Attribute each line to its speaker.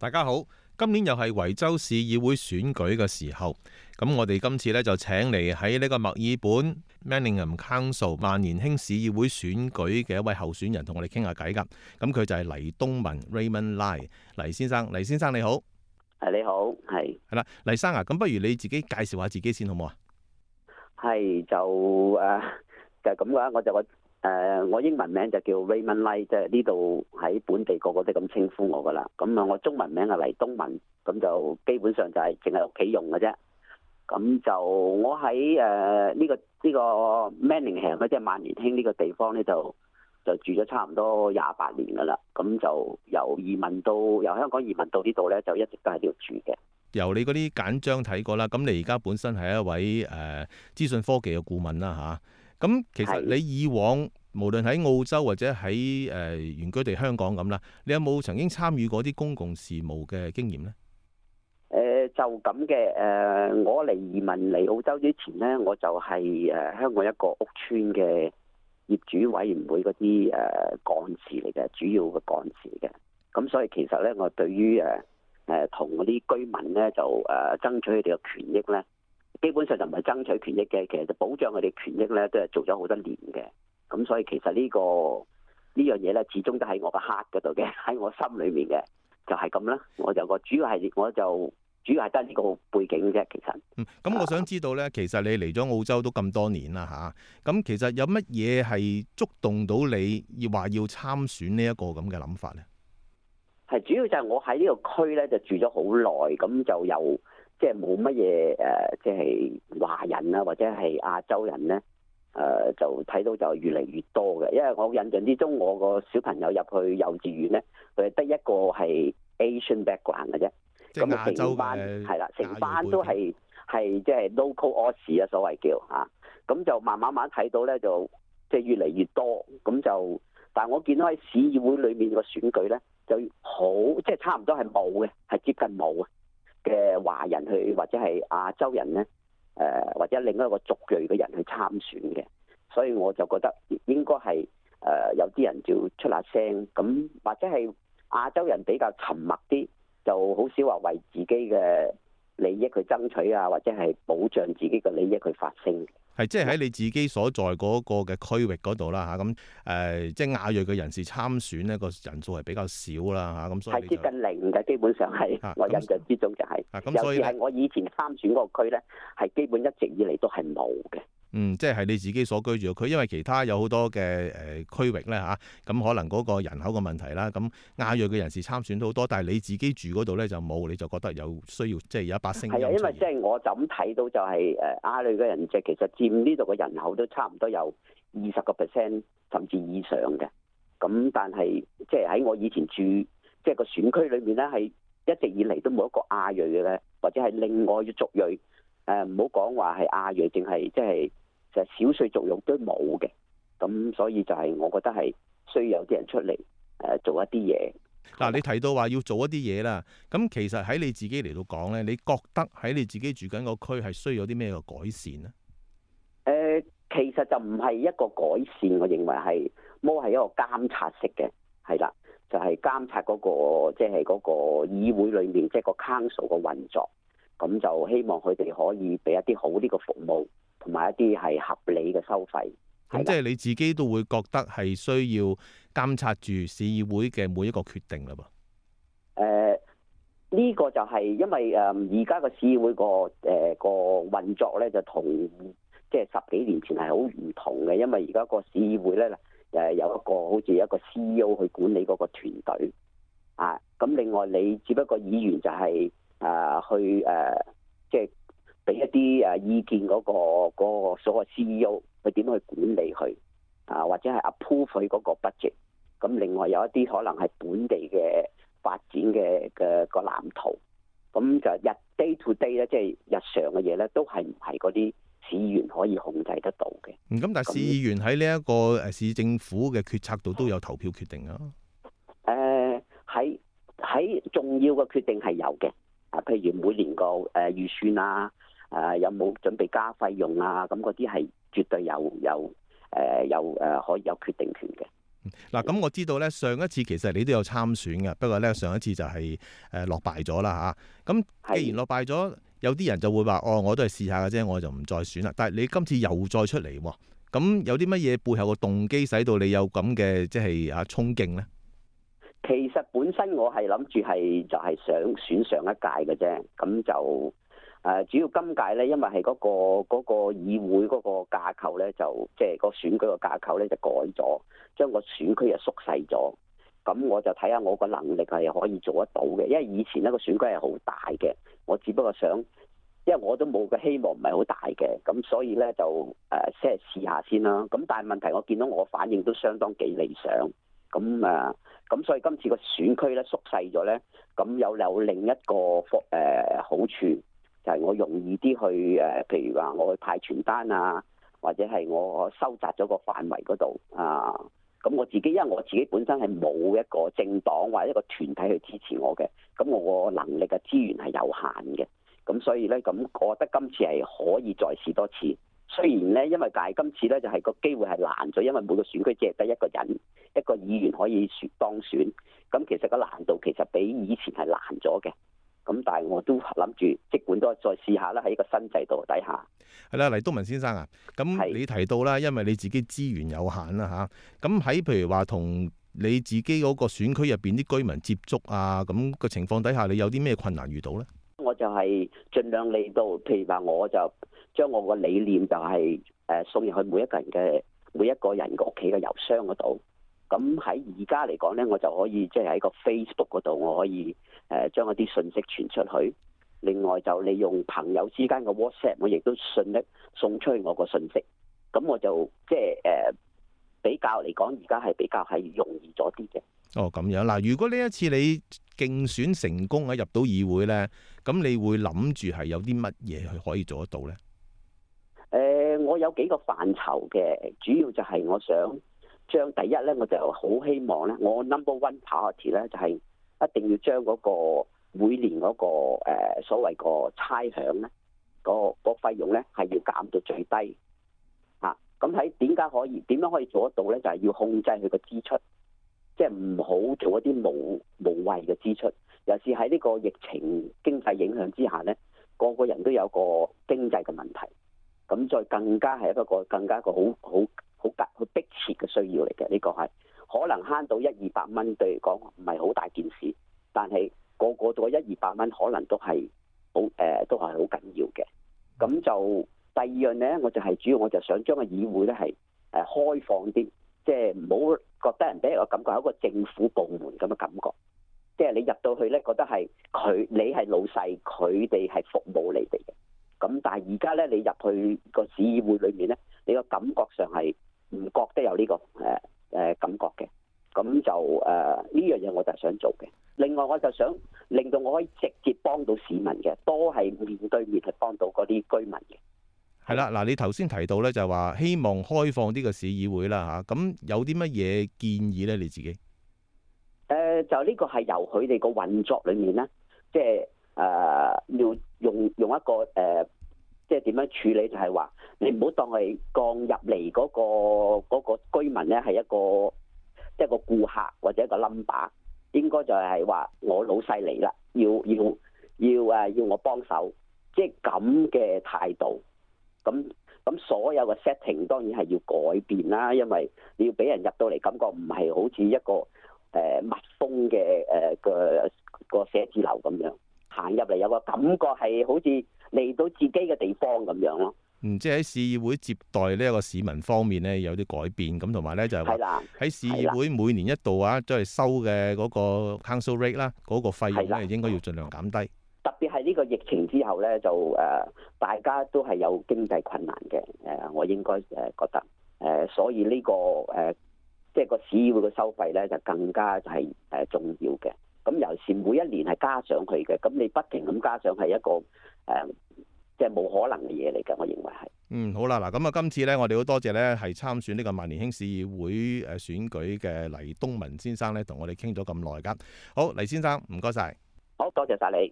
Speaker 1: 大家好，今年又係維州市議會選舉嘅時候，咁我哋今次咧就請嚟喺呢個墨爾本 Manningham Council 萬年興市議會選舉嘅一位候選人同我哋傾下偈噶，咁佢就係黎東文 Raymond Lai 黎先生。黎先生你好，誒你好，係係啦，黎生啊，咁不如你自己介紹下自己先好唔好啊？
Speaker 2: 係就誒就係咁嘅我就誒、呃，我英文名就叫 Raymond Lai，即係呢度喺本地個個都咁稱呼我噶啦。咁啊，我中文名係黎東文，咁就基本上就係淨係屋企用嘅啫。咁就我喺誒呢個呢、這個 Manningham，即係萬年興呢個地方咧，就就住咗差唔多廿八年噶啦。咁就由移民到由香港移民到呢度咧，就一直都喺呢度住嘅。
Speaker 1: 由你嗰啲簡章睇過啦，咁你而家本身係一位誒資訊科技嘅顧問啦，嚇、啊。咁其實你以往無論喺澳洲或者喺誒、呃、原居地香港咁啦，你有冇曾經參與過啲公共事務嘅經驗呢？
Speaker 2: 誒、呃、就咁嘅誒，我嚟移民嚟澳洲之前呢，我就係誒香港一個屋邨嘅業主委員會嗰啲誒幹事嚟嘅，主要嘅幹事嚟嘅。咁所以其實呢，我對於誒誒同嗰啲居民呢，就誒、呃、爭取佢哋嘅權益呢。基本上就唔係爭取權益嘅，其實就保障佢哋權益咧，都係做咗好多年嘅。咁所以其實呢、呢個呢樣嘢咧，呢個、始終都喺我個黑嗰度嘅，喺我心裏面嘅就係咁啦。我就個主要係，我就主要係得呢個背景啫。其實
Speaker 1: 咁，嗯、我想知道咧，其實你嚟咗澳洲都咁多年啦，吓、啊，咁其實有乜嘢係觸動到你而話要參選呢呢呢一個咁嘅諗法咧？
Speaker 2: 係主要就係我喺呢個區咧就住咗好耐，咁就有。即係冇乜嘢誒，即係華人啦，或者係亞洲人咧，誒、呃、就睇到就越嚟越多嘅。因為我印象之中，我個小朋友入去幼稚園咧，佢係得一個係 Asian background 嘅啫。即係亞洲嘅。係啦，成班都係係即係 local ors 啊，所謂叫嚇。咁、啊、就慢慢慢睇到咧，就即係越嚟越多。咁就，但係我見到喺市議會裏面個選舉咧，就好即係差唔多係冇嘅，係接近冇啊。嘅華人去或者係亞洲人呢，誒、呃、或者另一個族裔嘅人去參選嘅，所以我就覺得應該係誒、呃、有啲人就出下聲，咁或者係亞洲人比較沉默啲，就好少話為自己嘅，利益去爭取啊，或者係保障自己嘅利益去發聲，
Speaker 1: 係即係喺你自己所在嗰個嘅區域嗰度啦嚇咁誒，即係亞裔嘅人士參選呢個人數係比較少啦嚇咁，所以係接近
Speaker 2: 零嘅，基本上係、啊、我印象
Speaker 1: 之中就係、是、咁、啊啊、所以係
Speaker 2: 我以前參選嗰個區咧，係基本一直以嚟都係
Speaker 1: 冇嘅。嗯，即係你自己所居住嘅區，因為其他有好多嘅誒區域咧吓，咁、啊嗯、可能嗰個人口嘅問題啦，咁、嗯、亞裔嘅人士參選都好多，但係你自己住嗰度咧就冇，你就覺得有需要，即係有一把聲音。係啊，因
Speaker 2: 為即係我就咁睇到就係誒亞裔嘅人只其實佔呢度嘅人口都差唔多有二十個 percent 甚至以上嘅，咁但係即係喺我以前住即係、就是、個選區裏面咧係一直以嚟都冇一個亞裔嘅，或者係另外一個族裔，誒唔好講話係亞裔，淨係即係。就係少水作用都冇嘅，咁所以就係我覺得係需要有啲人出嚟，誒、呃、做一啲嘢。
Speaker 1: 嗱、啊，吧你提到話要做一啲嘢啦，咁其實喺你自己嚟到講咧，你覺得喺你自己住緊個區係需要有啲咩嘅改善
Speaker 2: 咧？誒、呃，其實就唔係一個改善，我認為係我係一個監察式嘅，係啦，就係、是、監察嗰、那個即係嗰個議會裏面即係、就是、個 council 嘅運作，咁就希望佢哋可以俾一啲好啲嘅服務。同埋一啲係合理嘅收費，
Speaker 1: 咁、嗯、的即係你自己都會覺得係需要監察住市議會嘅每一個決定啦噃。
Speaker 2: 誒呢、呃這個就係因為誒而家個市議會個誒個運作咧，就同即係十幾年前係好唔同嘅，因為而家個市議會咧誒有一個好似一個 CEO 去管理嗰個團隊啊。咁另外你只不過議員就係、是、誒、呃、去誒、呃、即係。一啲誒意見，嗰個嗰個所謂 CEO 佢點去管理佢啊，或者係 approve 佢嗰個 budget。咁另外有一啲可能係本地嘅發展嘅嘅個藍圖。咁就日 day to day 咧，即係日常嘅嘢咧，都係唔係嗰啲市議員可以控制得到嘅。
Speaker 1: 咁、嗯、但係市議員喺呢一個誒市政府嘅決策度都有投票決定啊。
Speaker 2: 誒、嗯，喺、呃、喺重要嘅決定係有嘅。啊，譬如每年個誒預算啊。啊！有冇準備加費用啊？咁嗰啲係絕對有有誒有誒可以有決定權嘅。
Speaker 1: 嗱、嗯，咁我知道咧，上一次其實你都有參選嘅，不過咧上一次就係、是、誒、呃、落敗咗啦吓，咁、啊、既然落敗咗，有啲人就會話：哦，我都係試下嘅啫，我就唔再選啦。但係你今次又再出嚟喎，咁、哦、有啲乜嘢背後嘅動機使到你有咁嘅即係啊衝勁咧？
Speaker 2: 呢其實本身我係諗住係就係想選上一屆嘅啫，咁就。誒、啊、主要今屆咧，因為係嗰、嗰個嗰、嗰個議會嗰個架構咧，就即係個選舉個架構咧就改咗，將個選區又縮細咗。咁我就睇下我個能力係可以做得到嘅，因為以前呢個選區係好大嘅，我只不過想，因為我都冇嘅希望唔係好大嘅，咁所以咧就誒先係試下先啦。咁但係問題我見到我反應都相當幾理想，咁誒咁所以今次個選區咧縮細咗咧，咁又有另一個誒、呃、好處。就係我容易啲去誒，譬如話我去派傳單啊，或者係我收集咗個範圍嗰度啊。咁我自己因為我自己本身係冇一個政黨或者一個團體去支持我嘅，咁我個能力嘅資源係有限嘅。咁所以咧，咁我覺得今次係可以再試多次。雖然咧，因為但係今次咧就係個機會係難咗，因為每個選區只係得一個人一個議員可以選當選。咁其實個難度其實比以前係難咗嘅。咁但係我都諗住，即管都再試下啦，喺一個新制度底下。
Speaker 1: 係啦，黎東文先生啊，咁你提到啦，因為你自己資源有限啦吓，咁喺譬如話同你自己嗰個選區入邊啲居民接觸啊，咁嘅情況底下，你有啲咩困難遇到咧？
Speaker 2: 我就係盡量嚟到，譬如話，我就將我個理念就係誒送入去每一個人嘅每一個人嘅屋企嘅郵箱嗰度。咁喺而家嚟講呢，我就可以即係喺個 Facebook 嗰度，我可以誒將一啲信息傳出去。另外就利用朋友之間嘅 WhatsApp，我亦都順力送出去我個信息。咁我就即係、呃、比較嚟講，而家係比較係容易咗啲嘅。
Speaker 1: 哦，咁樣嗱，如果呢一次你競選成功喺入到議會呢，咁你會諗住係有啲乜嘢去可以做得到呢？誒、
Speaker 2: 呃，我有幾個範疇嘅，主要就係我想。將第一咧，我就好希望咧，我 number one priority 咧就係一定要將嗰個每年嗰、嗰個、呃、所謂響呢、嗰個差餉咧，個、嗰個費用咧係要減到最低。嚇、啊，咁喺點解可以？點樣可以做得到咧？就係、是、要控制佢個支出，即係唔好做一啲無無謂嘅支出。尤其是喺呢個疫情經濟影響之下咧，個個人都有個經濟嘅問題。咁再更加係一個更加一個好好。需要嚟嘅呢個係可能慳到一二百蚊對嚟講唔係好大件事，但係個個都一二百蚊可能都係好誒都係好緊要嘅。咁就第二樣咧，我就係主要我就想將個議會咧係誒開放啲，即係唔好覺得人俾人個感覺係一個政府部門咁嘅感覺，即係你入到去咧覺得係佢你係老細，佢哋係服務你哋嘅。咁但係而家咧你入去個市議會裏面咧，你個感覺上係。唔覺得有呢個誒誒感覺嘅，咁就誒呢樣嘢我就係想做嘅。另外我就想令到我可以直接幫到市民嘅，多係面對面去幫到嗰啲居民嘅。
Speaker 1: 係啦，嗱，你頭先提到咧就係話希望開放呢個市議會啦嚇，咁有啲乜嘢建議咧？你自己？誒、
Speaker 2: 呃，就呢個係由佢哋個運作裡面咧，即係誒要用用一個誒。呃即係點樣處理？就係話你唔好當佢降入嚟嗰個嗰個居民咧，係一個即係個顧客或者一個 number，應該就係話我老細嚟啦，要要要誒要我幫手，即係咁嘅態度。咁咁所有嘅 setting 當然係要改變啦，因為你要俾人入到嚟感覺唔係好似一個誒密封嘅誒個個寫字樓咁樣，行入嚟有個感覺係好似。嚟到自己嘅地方咁樣咯，
Speaker 1: 嗯，即係喺市議會接待呢一個市民方面咧，有啲改變咁，同埋咧就喺、係、市議會每年一度啊，即係收嘅嗰個 council rate 啦，嗰個費用咧應該要盡量減低。
Speaker 2: 特別係呢個疫情之後咧，就誒、呃、大家都係有經濟困難嘅，誒、呃、我應該誒覺得誒、呃，所以呢、這個誒即係個市議會嘅收費咧，就更加係誒重要嘅。咁尤其是每一年係加上去嘅，咁你不停咁加上係一個誒、呃，即係冇可能嘅嘢嚟嘅，我認為
Speaker 1: 係。嗯，好啦，嗱，咁啊，今次咧，我哋好多謝咧，係參選呢個萬年興市議會誒選舉嘅黎東文先生咧，同我哋傾咗咁耐㗎。好，黎先生唔該晒，謝謝，好多謝晒你。